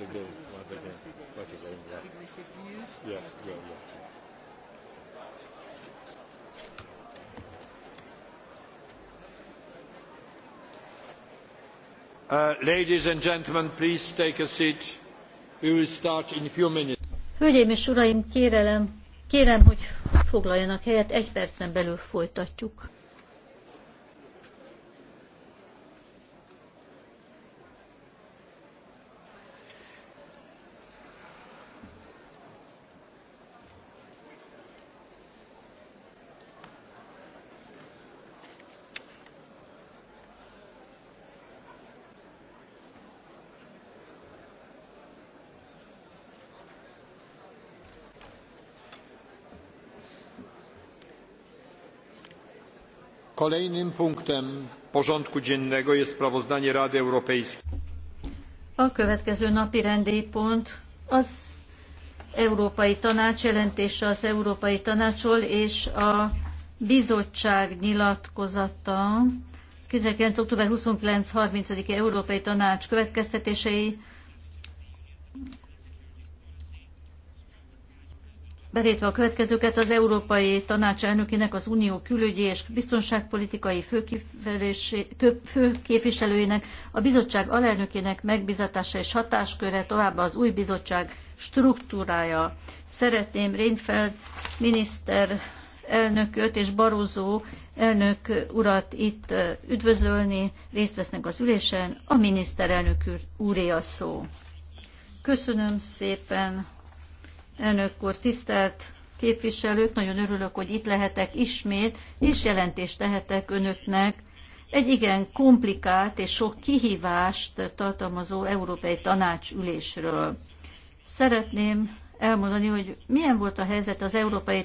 once again, once again, once again. Yeah, yeah, yeah. yeah. Uh, ladies and gentlemen, please take a seat. We will start in a few minutes. Hölgyeim és uraim, kérelem, kérem, hogy foglaljanak helyet, egy percen belül folytatjuk. Kolejnym punktem porządku dziennego jest sprawozdanie Rady Europejskiej. A következő napi rendi pont az Európai Tanács jelentése az Európai Tanácsról és a bizottság nyilatkozata 19. október 29-30-e Európai Tanács következtetései Belétve a következőket az Európai Tanács elnökének, az Unió külügyi és biztonságpolitikai főképviselőjének, a bizottság alelnökének megbizatása és hatásköre, továbbá az új bizottság struktúrája. Szeretném Reinfeld miniszter elnököt és Barozó elnök urat itt üdvözölni, részt vesznek az ülésen, a miniszterelnök úré a szó. Köszönöm szépen, elnök úr, tisztelt képviselők, nagyon örülök, hogy itt lehetek ismét, és jelentést tehetek önöknek egy igen komplikált és sok kihívást tartalmazó Európai Tanács ülésről. Szeretném elmondani, hogy milyen volt a helyzet az Európai